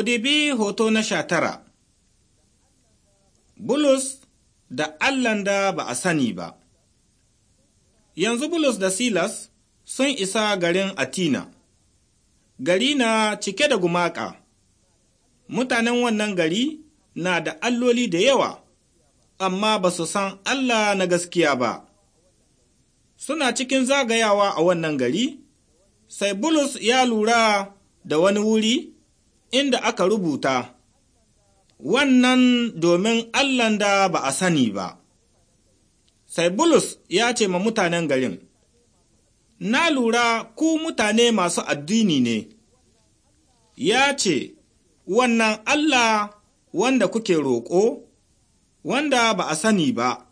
Ku dibi hoto na sha tara. Bulus da Allahn da ba a sani ba Yanzu Bulus da Silas sun isa garin Atina, gari na cike da gumaka, mutanen wannan gari na da alloli da yawa, amma ba su san Allah na gaskiya ba. Suna cikin zagayawa a wannan gari, sai Bulus ya lura da wani wuri inda aka rubuta, wannan domin Allahn da ba a sani ba. Sai Bulus ya ce ma mutanen garin, Na lura ku mutane masu addini ne, ya ce, Wannan Allah wanda kuke roƙo, wanda ba a sani ba,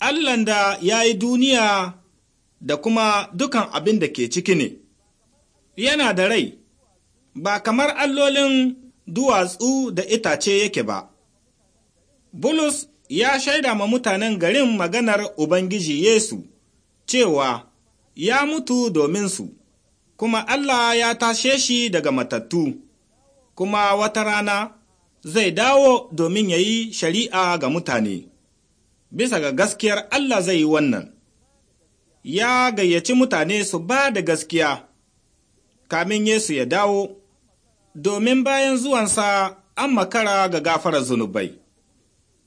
Allahn da ya yi duniya da kuma dukan abin da ke ciki ne, yana da rai. ba kamar allolin duwatsu da itace yake ba. Bulus ya shaida ma mutanen garin maganar Ubangiji Yesu cewa ya mutu domin su. kuma Allah ya tashe shi daga matattu, kuma wata rana zai dawo domin ya yi shari'a ga mutane. Bisa ga gaskiyar Allah zai yi wannan, ya gayyaci mutane su ba da gaskiya. kamin Yesu ya dawo, domin bayan zuwansa an makara ga gafara zunubai.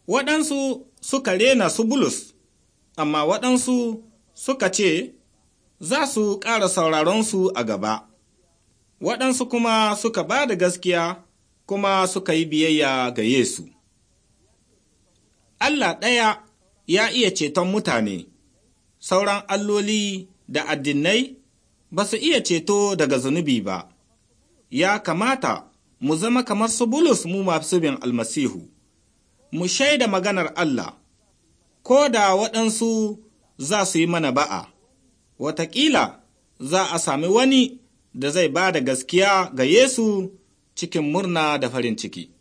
Waɗansu suka rena su bulus, amma waɗansu suka ce, Za su ƙara sauraronsu a gaba. Waɗansu kuma suka ba da gaskiya kuma suka yi biyayya ga Yesu. Allah ɗaya ya iya ceton mutane, sauran alloli da addinai ba su iya ceto daga zunubi ba, ya kamata mu zama kamar su bulus mu masu bin almasihu, mu shaida maganar Allah, ko da waɗansu za su yi mana ba'a, watakila za a sami wani da zai ba da gaskiya ga Yesu cikin murna da farin ciki.